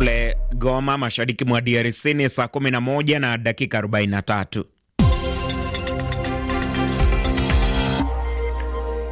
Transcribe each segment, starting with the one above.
Kule Goma, mashariki mwa DRC ni saa 11 na dakika 43.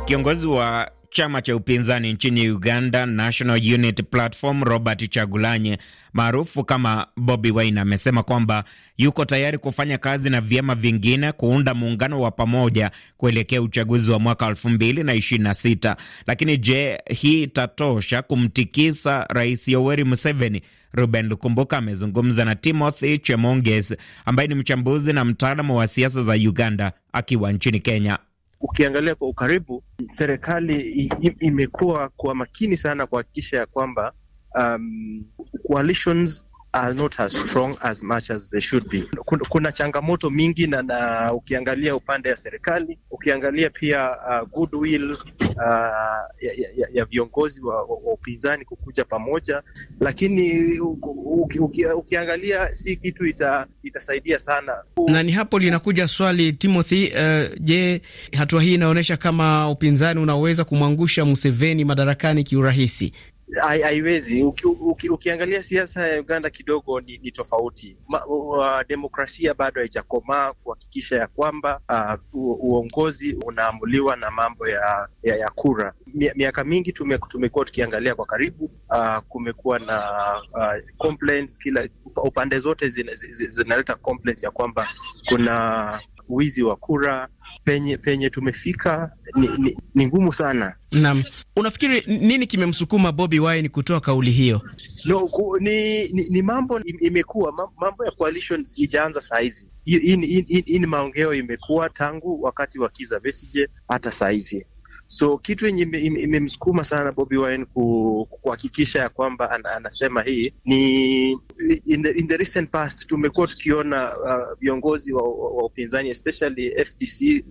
Kiongozi wa chama cha upinzani nchini Uganda, National Unity Platform, Robert chagulanye maarufu kama Bobi Wine amesema kwamba yuko tayari kufanya kazi na vyama vingine kuunda muungano wa pamoja kuelekea uchaguzi wa mwaka 2026. Lakini je, hii itatosha kumtikisa Rais Yoweri Museveni Ruben Lukumbuka amezungumza na Timothy Chemonges ambaye ni mchambuzi na mtaalamu wa siasa za Uganda akiwa nchini Kenya. Ukiangalia kwa ukaribu, serikali imekuwa kwa makini sana kuhakikisha ya kwamba um, coalitions are not as strong as much as they should be. Kuna changamoto mingi na, na ukiangalia upande ya serikali, ukiangalia pia uh, goodwill uh, ya, ya, ya viongozi wa, wa upinzani kukuja pamoja, lakini uki, uki, ukiangalia si kitu ita, itasaidia sana. Na ni hapo linakuja swali Timothy, uh, je, hatua hii inaonyesha kama upinzani unaweza kumwangusha Museveni madarakani kiurahisi? haiwezi uki, uki, ukiangalia siasa ya Uganda kidogo ni, ni tofauti Ma, uh, demokrasia bado haijakomaa kuhakikisha ya kwamba uh, u, uongozi unaamuliwa na mambo ya, ya, ya kura. Miaka mingi tume, tumekuwa tukiangalia kwa karibu uh, kumekuwa na uh, complaints kila upande zote zinaleta zina, complaints ya kwamba kuna wizi wa kura penye, penye tumefika ni, ni, ni ngumu sana. Naam, unafikiri nini kimemsukuma Bobi Wine kutoa kauli hiyo? No, ku, ni, ni, ni mambo imekuwa mambo ya coalition ijaanza saa hizi. Hii ni maongeo imekuwa tangu wakati wa Kiza Besije hata saa hizi. So kitu yenye imemsukuma sana Bobi Wine kuhakikisha ya kwamba anasema hii ni in the, in the recent past tumekuwa tukiona uh, viongozi uh, wa, wa, wa upinzani especially FDC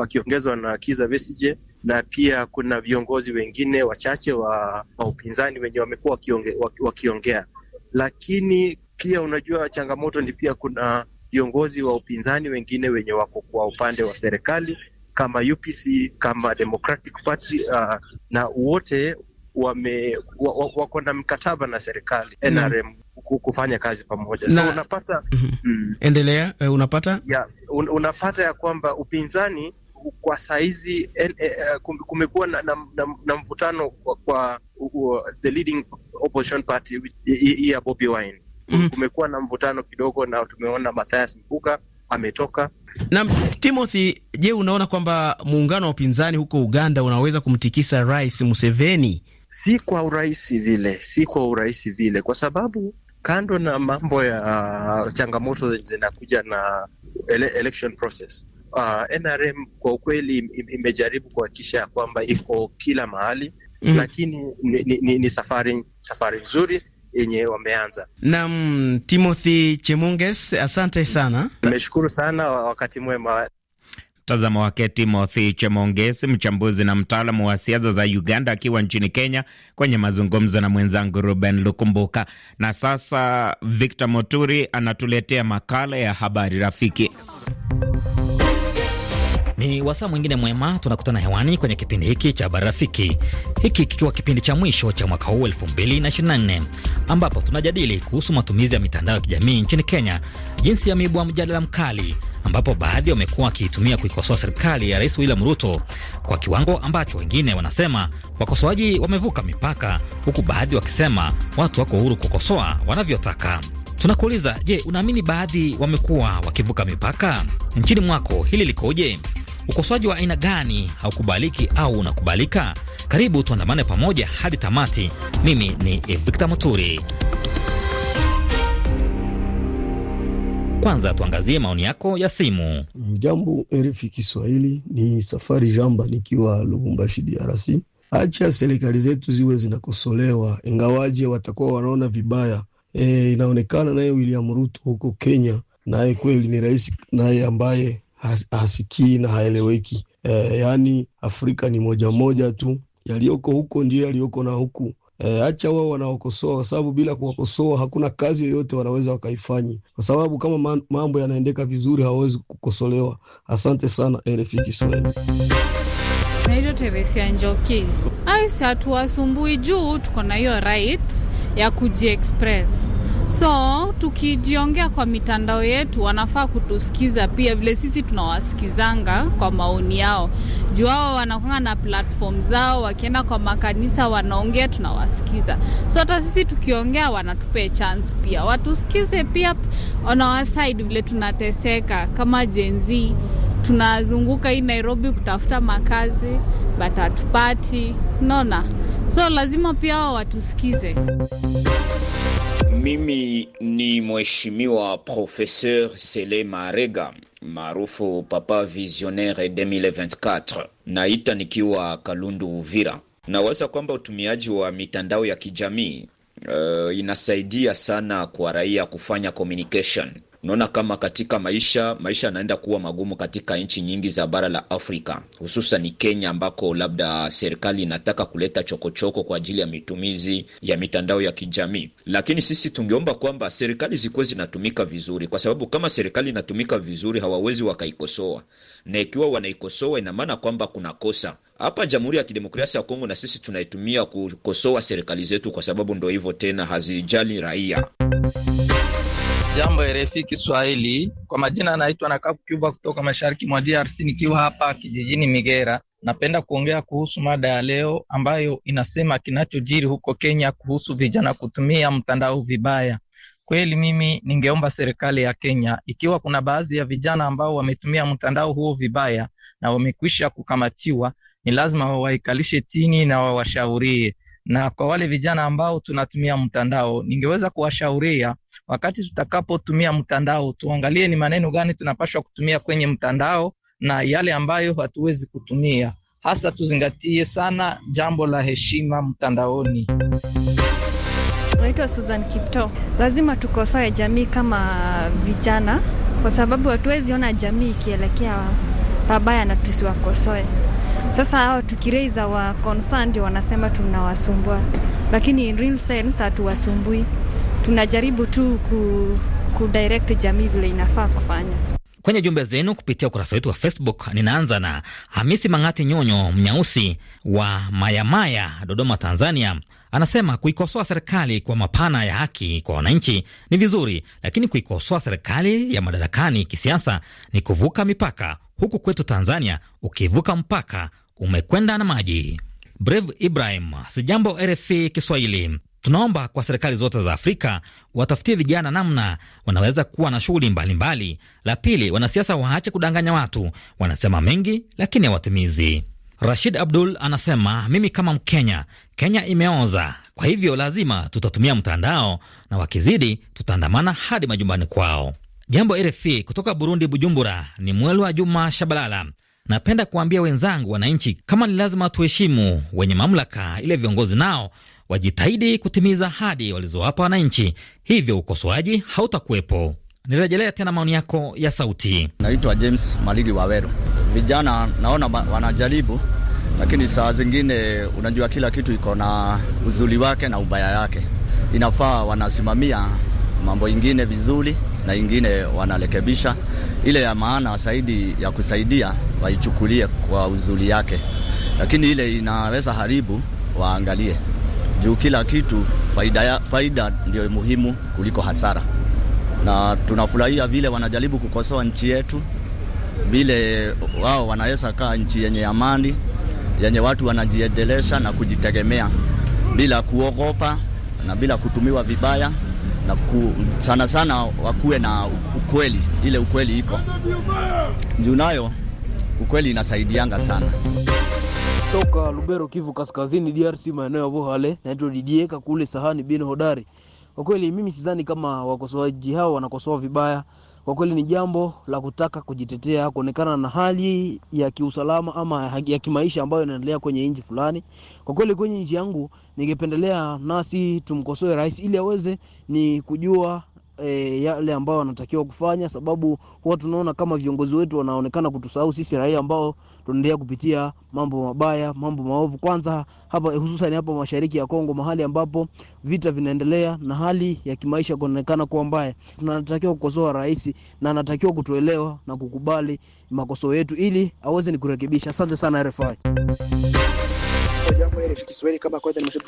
akiongezwa uh, uh, na Kiza Besigye na pia kuna viongozi wengine wachache wa, wa upinzani wenye wamekuwa wakionge, wakiongea, lakini pia unajua changamoto ni pia kuna viongozi wa upinzani wengine wenye wako kwa upande wa serikali kama UPC kama Democratic Party uh, na wote wame wako na mkataba na serikali NRM mm kufanya kazi pamoja na, so unapata mm -hmm. mm, endelea uh, unapata ya, un, unapata ya kwamba upinzani kwa saizi uh, kumekuwa na, na, na, na mvutano kwa, kwa uh, the leading opposition party ya Bobi Wine mm -hmm. Kumekuwa na mvutano kidogo, na tumeona Mathias Mpuga ametoka na Timothy, je, unaona kwamba muungano wa upinzani huko Uganda unaweza kumtikisa Rais Museveni? Si kwa urahisi vile, si kwa urahisi vile, kwa sababu kando na mambo ya uh, changamoto zinakuja na ele election process uh, NRM kwa ukweli imejaribu kuhakikisha ya kwamba iko kila mahali mm, lakini ni, ni, ni, ni safari safari nzuri yenye wameanza. Naam, Timothy Chemunges, asante sana, nimeshukuru sana. Wakati mwema. Mtazamo wake Timothy Chemongesi, mchambuzi na mtaalamu wa siasa za Uganda, akiwa nchini Kenya kwenye mazungumzo na mwenzangu Ruben Lukumbuka. Na sasa Victor Moturi anatuletea makala ya habari rafiki. Ni wasaa mwingine mwema, tunakutana hewani kwenye kipindi hiki cha Habari Rafiki, hiki kikiwa kipindi cha mwisho cha mwaka huu 224 ambapo tunajadili kuhusu matumizi ya mitandao ya kijamii nchini Kenya, jinsi mibwa mjadala mkali ambapo baadhi wamekuwa wakiitumia kuikosoa serikali ya Rais William Ruto kwa kiwango ambacho wengine wanasema wakosoaji wamevuka mipaka, huku baadhi wakisema watu wako huru kukosoa wanavyotaka. Tunakuuliza, je, unaamini baadhi wamekuwa wakivuka mipaka nchini mwako? Hili likoje? Ukosoaji wa aina gani haukubaliki au unakubalika? Karibu tuandamane pamoja hadi tamati. Mimi ni Victor Muturi. Kwanza tuangazie maoni yako ya simu. Jambo RFI Kiswahili, ni Safari Jamba nikiwa Lubumbashi, DRC. Hacha serikali zetu ziwe zinakosolewa, ingawaje watakuwa wanaona vibaya E, inaonekana naye William Ruto huko Kenya naye kweli ni rais naye ambaye has, hasikii na haeleweki. E, yaani Afrika ni moja moja tu, yaliyoko huko ndio yaliyoko na huku. E, acha wao wanaokosoa, kwa sababu bila kuwakosoa hakuna kazi yoyote wanaweza wakaifanyi kwa sababu kama mambo yanaendeka vizuri hawawezi kukosolewa. Asante sana RFI Kiswahili. Naitwa Teresia Njoki. Aisi hatuwasumbui juu tuko na hiyo right ya kujiexpress so tukijiongea kwa mitandao yetu, wanafaa kutusikiza pia vile sisi tunawasikizanga kwa maoni yao, juu wao wanakuanga na platform zao, wakienda kwa makanisa wanaongea, tunawasikiza. So hata sisi tukiongea wanatupe chance pia, watusikize pia on our side vile tunateseka kama Gen Z tunazunguka hii Nairobi kutafuta makazi but hatupati, unaona, so lazima pia wao watusikize. Mimi ni mheshimiwa Professeur Sele Marega maarufu Papa Visionnaire 2024 naita nikiwa Kalundu Uvira. Nawaza kwamba utumiaji wa mitandao ya kijamii uh, inasaidia sana kwa raia kufanya communication Unaona kama katika maisha maisha yanaenda kuwa magumu katika nchi nyingi za bara la Afrika, hususan Kenya, ambako labda serikali inataka kuleta chokochoko -choko kwa ajili ya mitumizi ya mitandao ya kijamii. Lakini sisi tungeomba kwamba serikali zikuwe zinatumika vizuri, kwa sababu kama serikali inatumika vizuri hawawezi wakaikosoa, na ikiwa wanaikosoa ina maana kwamba kuna kosa hapa Jamhuri ya Kidemokrasia ya Kongo, na sisi tunaitumia kukosoa serikali zetu, kwa sababu ndo hivyo tena, hazijali raia. Jambo RFI Kiswahili, kwa majina anaitwa na Kaku Cuba kutoka mashariki mwa DRC, nikiwa hapa kijijini Migera. Napenda kuongea kuhusu mada ya leo ambayo inasema kinachojiri huko Kenya kuhusu vijana kutumia mtandao vibaya. Kweli mimi ningeomba serikali ya Kenya, ikiwa kuna baadhi ya vijana ambao wametumia mtandao huo vibaya na wamekwisha kukamatiwa, ni lazima wawaikalishe chini na wawashaurie na kwa wale vijana ambao tunatumia mtandao, ningeweza kuwashauria wakati tutakapotumia mtandao, tuangalie ni maneno gani tunapashwa kutumia kwenye mtandao na yale ambayo hatuwezi kutumia. Hasa tuzingatie sana jambo la heshima mtandaoni. Naitwa Susan Kipto. Lazima tukosoe jamii kama vijana, kwa sababu hatuwezi ona jamii ikielekea pabaya na tusiwakosoe. Sasa hawa tukireiza wa concerned wanasema tunawasumbua, lakini in real sense hatuwasumbui, tunajaribu tu ku, direct jamii vile inafaa kufanya kwenye jumbe zenu kupitia ukurasa wetu wa Facebook. Ninaanza na Hamisi Mang'ati Nyonyo Mnyausi wa Mayamaya, Dodoma, Tanzania. Anasema kuikosoa serikali kwa mapana ya haki kwa wananchi ni vizuri, lakini kuikosoa serikali ya madarakani kisiasa ni kuvuka mipaka. Huku kwetu Tanzania, ukivuka mpaka umekwenda na maji. Brave Ibrahim, sijambo RFI Kiswahili. Tunaomba kwa serikali zote za Afrika watafutie vijana namna wanaweza kuwa na shughuli mbalimbali. La pili, wanasiasa waache kudanganya watu, wanasema mengi lakini hawatimizi. Rashid Abdul anasema mimi kama Mkenya, Kenya imeoza, kwa hivyo lazima tutatumia mtandao na wakizidi tutaandamana hadi majumbani kwao. Jambo RFI kutoka Burundi, Bujumbura ni Mwelwa Juma Shabalala. Napenda kuambia wenzangu wananchi, kama ni lazima tuheshimu wenye mamlaka, ile viongozi nao wajitahidi kutimiza ahadi walizowapa wananchi, hivyo ukosoaji hautakuwepo. Nirejelea tena maoni yako ya sauti. Naitwa James Malili Waweru. Vijana naona wanajaribu, lakini saa zingine, unajua kila kitu iko na uzuri wake na ubaya yake, inafaa wanasimamia mambo ingine vizuri na ingine wanarekebisha. Ile ya maana zaidi ya kusaidia waichukulie kwa uzuri yake, lakini ile inaweza haribu waangalie juu kila kitu faida, ya, faida ndio muhimu kuliko hasara, na tunafurahia vile wanajaribu kukosoa nchi yetu, vile wao wanaweza kaa nchi yenye amani yenye watu wanajiendelesha na kujitegemea bila kuogopa na bila kutumiwa vibaya na ku, sana sana wakuwe na ukweli, ile ukweli iko juu nayo ukweli inasaidianga sana. Toka Lubero, Kivu Kaskazini, DRC, maeneo ya Vohale, naitwa Didieka kule Sahani bin Hodari. Kwa kweli mimi sidhani kama wakosoaji hao wanakosoa vibaya kwa kweli ni jambo la kutaka kujitetea kuonekana na hali ya kiusalama ama ya kimaisha ambayo inaendelea kwenye nchi fulani. Kwa kweli kwenye nchi yangu ningependelea nasi tumkosoe rais ili aweze ni kujua e, yale ambayo wanatakiwa kufanya, sababu huwa tunaona kama viongozi wetu wanaonekana kutusahau sisi raia ambao tunaendelea kupitia mambo mabaya, mambo maovu, kwanza hapa hususan hapa mashariki ya Kongo, mahali ambapo vita vinaendelea na hali ya kimaisha kuonekana kuwa mbaya. Tunatakiwa kukosoa rais na anatakiwa kutuelewa na kukubali makoso yetu ili aweze ni kurekebisha. Asante sana RFI. RFI Kiswahili kama kawaida,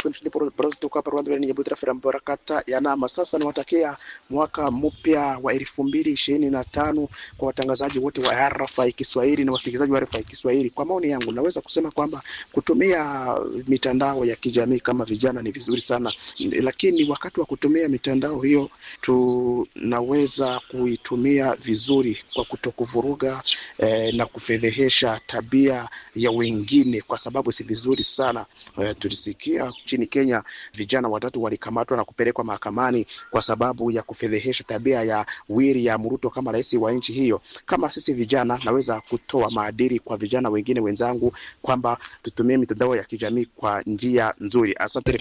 kutoka Rwanda Nyabutarafera Mbarakata ya nama. Sasa niwatakia mwaka mpya wa elfu mbili ishirini na tano kwa watangazaji wote wa RFI Kiswahili na wasikilizaji wa RFI Kiswahili. Kwa maoni yangu, naweza kusema kwamba kutumia mitandao ya kijamii kama vijana ni vizuri sana, lakini wakati wa kutumia mitandao hiyo tunaweza kuitumia vizuri kwa kutokuvuruga eh, na kufedhehesha tabia ya wengine, kwa sababu si vizuri sana eh, tulisikia nchini Kenya vijana watatu walikamatwa na kupelekwa mahakamani kwa sababu ya kufedhehesha tabia ya William Ruto kama rais wa nchi hiyo. Kama sisi vijana, naweza kutoa maadili kwa vijana wengine wenzangu kwamba tutumie mitandao ya kijamii kwa njia nzuri. Asante.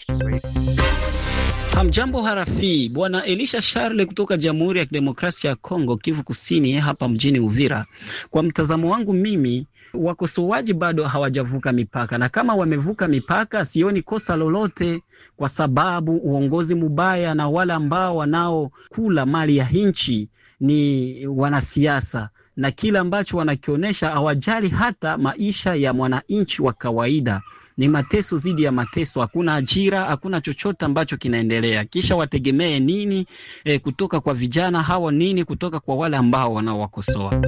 Hamjambo harafi, Bwana Elisha Charles kutoka Jamhuri ya Kidemokrasia ya Kongo, Kivu Kusini, hapa mjini Uvira. Kwa mtazamo wangu mimi Wakosoaji bado hawajavuka mipaka, na kama wamevuka mipaka, sioni kosa lolote, kwa sababu uongozi mubaya na wale ambao wanaokula mali ya nchi ni wanasiasa na kila ambacho wanakionyesha hawajali hata maisha ya mwananchi wa kawaida. Ni mateso zidi ya mateso, hakuna ajira, hakuna chochote ambacho kinaendelea. Kisha wategemee nini e, kutoka kwa vijana hawa, nini kutoka kwa wale ambao wanaowakosoa?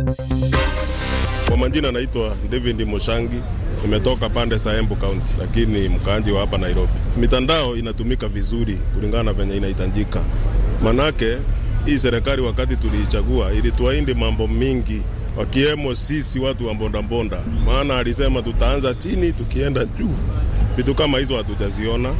Kwa majina anaitwa David Moshangi, nimetoka pande za Embu County, lakini mkaanji wa hapa Nairobi. Mitandao inatumika vizuri kulingana na venye inahitajika, manake hii serikali wakati tuliichagua ilituahidi mambo mingi wakiwemo sisi watu wa mbondambonda, maana alisema tutaanza chini tukienda juu. Vitu kama hizo hatutaziona.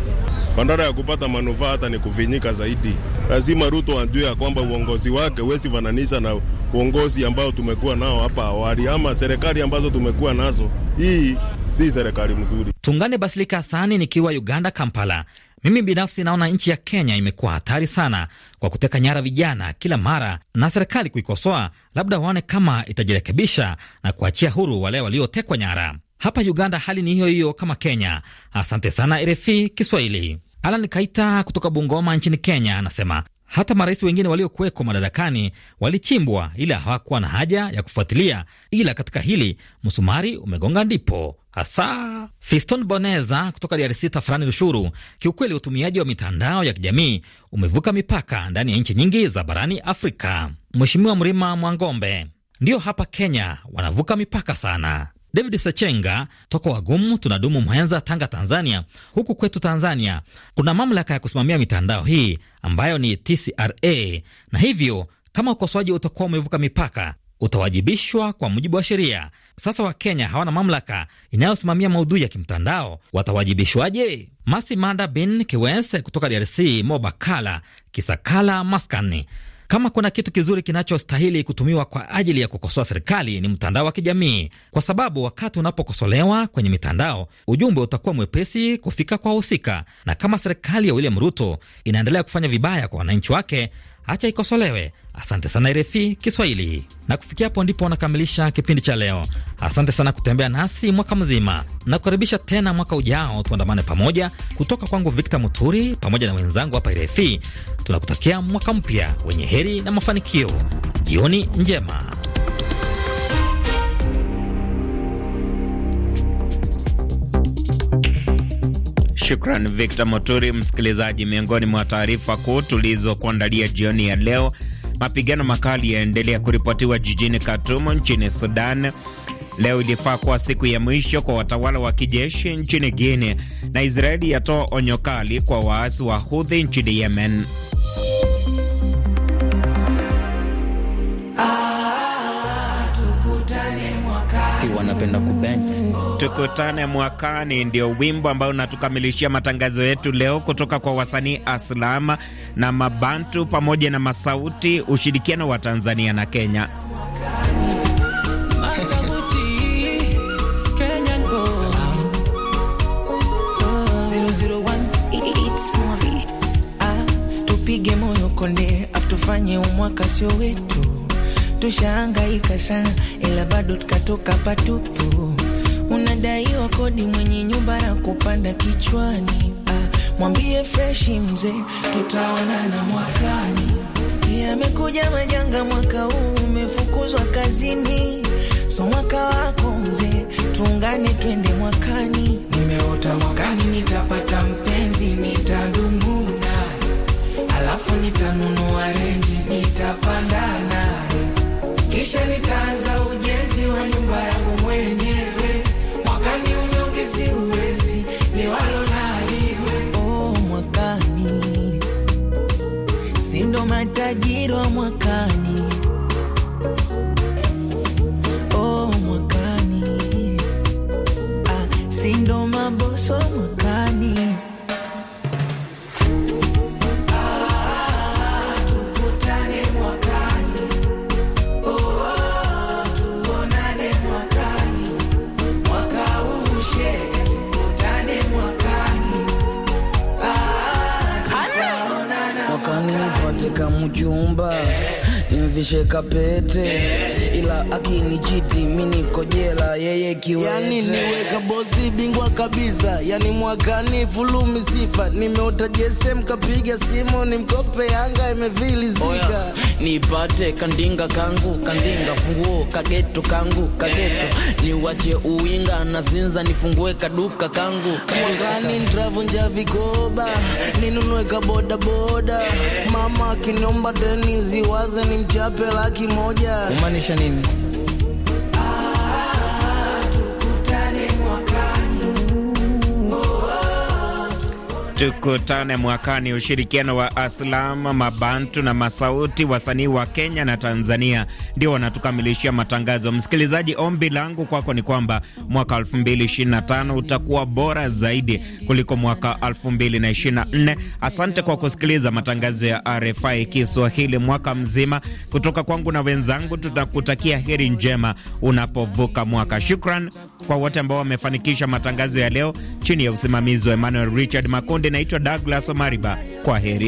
Bandara ya kupata manufaa hata ni kuvinyika zaidi lazima Ruto ajue ya kwamba uongozi wake wezi fananisha na uongozi ambao tumekuwa nao hapa awali ama serikali ambazo tumekuwa nazo. Hii si serikali mzuri. Tungane Basilika Hasani nikiwa Uganda, Kampala. Mimi binafsi naona nchi ya Kenya imekuwa hatari sana kwa kuteka nyara vijana kila mara, na serikali kuikosoa, labda waone kama itajirekebisha na kuachia huru wale waliotekwa nyara. Hapa Uganda hali ni hiyo hiyo kama Kenya. Asante sana RFI Kiswahili. Alan Kaita kutoka Bungoma nchini Kenya anasema hata marais wengine waliokuwekwa madarakani walichimbwa, ila hawakuwa na haja ya kufuatilia, ila katika hili msumari umegonga ndipo hasa. Fiston Boneza kutoka DRC tafurani Rushuru, kiukweli utumiaji wa mitandao ya kijamii umevuka mipaka ndani ya nchi nyingi za barani Afrika. Mheshimiwa Mrima Mwangombe, ndiyo hapa Kenya wanavuka mipaka sana. David Sechenga toka wagumu tunadumu Mwanza, Tanga, Tanzania. Huku kwetu Tanzania kuna mamlaka ya kusimamia mitandao hii ambayo ni TCRA, na hivyo kama ukosoaji utakuwa umevuka mipaka utawajibishwa kwa mujibu wa sheria. Sasa Wakenya hawana mamlaka inayosimamia maudhui ya kimtandao, watawajibishwaje? Masi Manda bin Kiwense kutoka DRC, Mobakala Kisakala, Maskani. Kama kuna kitu kizuri kinachostahili kutumiwa kwa ajili ya kukosoa serikali ni mtandao wa kijamii, kwa sababu wakati unapokosolewa kwenye mitandao, ujumbe utakuwa mwepesi kufika kwa wahusika. Na kama serikali ya William Ruto inaendelea kufanya vibaya kwa wananchi wake, hacha ikosolewe Asante sana RFI Kiswahili, na kufikia hapo ndipo nakamilisha kipindi cha leo. Asante sana kutembea nasi mwaka mzima, na kukaribisha tena mwaka ujao, tuandamane pamoja. Kutoka kwangu Victor Muturi pamoja na wenzangu hapa RFI, tunakutakia mwaka mpya wenye heri na mafanikio. Jioni njema. Shukran Victor Moturi. Msikilizaji, miongoni mwa taarifa kuu tulizokuandalia jioni ya leo Mapigano makali yaendelea kuripotiwa jijini Khartoum nchini Sudan. Leo ilifaa kuwa siku ya mwisho kwa watawala wa kijeshi nchini Guinea, na Israeli yatoa onyo kali kwa waasi wa Houthi nchini Yemen. Ah, Si wanapenda kubeng tukutane mwakani, ndio wimbo ambao unatukamilishia matangazo yetu leo kutoka kwa wasanii Aslama na Mabantu pamoja na Masauti, ushirikiano wa Tanzania na Kenya. Ah, tupige moyo konde, atufanye umwaka sio wetu, tushaangaika sana, ila bado tukatoka patupu anadaiwa kodi, mwenye nyumba na kupanda kichwani. Ah, mwambie freshi mzee, tutaonana mwakani. Yamekuja majanga, mwaka huu umefukuzwa kazini, so mwaka wako mzee, tuungane twende mwakani. Nimeota mwakani nitapa si uwezi mwakani sindo mwakani oh, mwakani ah, sindo maboso mwakani nivishe kapete ila jiti mini kojela yeye kiwe yani niweka bosi bingwa kabisa yani mwakani fulumi sifa nimeota jesem kapiga simu ni mkope yanga imevilizika nipate kandinga kangu kandinga funguo kageto kangu kageto niwache uinga na zinza nifungue kaduka kangu mwakani ntravunja vikoba ninunue kaboda boda mama akiniomba deni waze ni mchape laki moja kumaanisha nini King. tukutane mwakani. Ushirikiano wa aslam Mabantu na Masauti, wasanii wa Kenya na Tanzania ndio wanatukamilishia matangazo. Msikilizaji, ombi langu kwako ni kwamba mwaka 2025 utakuwa bora zaidi kuliko mwaka 2024. Asante kwa kusikiliza matangazo ya RFI Kiswahili mwaka mzima. Kutoka kwangu na wenzangu, tutakutakia heri njema unapovuka mwaka. Shukran kwa wote ambao wamefanikisha matangazo ya leo chini ya usimamizi wa Emmanuel Richard Makonde naitwa Douglas Omariba. Kwa heri.